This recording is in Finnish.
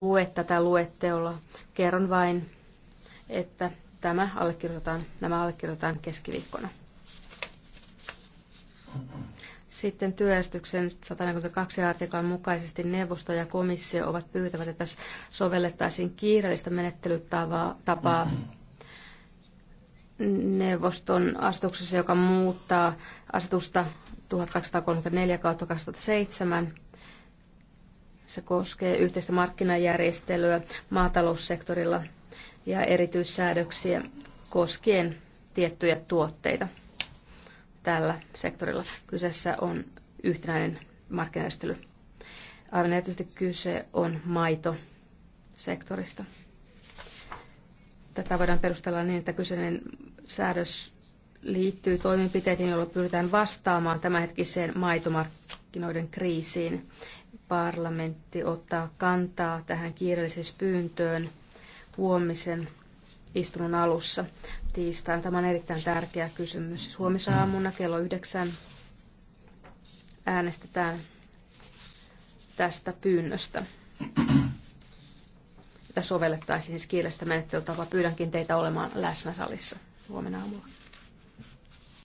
lue tätä luetteloa. Kerron vain, että tämä allekirjoitetaan, nämä allekirjoitetaan keskiviikkona. Sitten työjärjestyksen 142 artiklan mukaisesti neuvosto ja komissio ovat pyytävät, että sovellettaisiin kiireellistä menettelytapaa neuvoston asetuksessa, joka muuttaa asetusta 1234 2007 se koskee yhteistä markkinajärjestelyä maataloussektorilla ja erityissäädöksiä koskien tiettyjä tuotteita tällä sektorilla. Kyseessä on yhtenäinen markkinajärjestely. Aivan erityisesti kyse on maitosektorista. Tätä voidaan perustella niin, että kyseinen säädös liittyy toimenpiteisiin, joilla pyritään vastaamaan tämänhetkiseen maitomarkkinoiden kriisiin parlamentti ottaa kantaa tähän kiireellisyyspyyntöön huomisen istunnon alussa tiistaina. Tämä on erittäin tärkeä kysymys. aamuna kello yhdeksän äänestetään tästä pyynnöstä. Tätä sovellettaisiin siis kielestä menettelytapaa. Pyydänkin teitä olemaan läsnä salissa huomenna aamulla.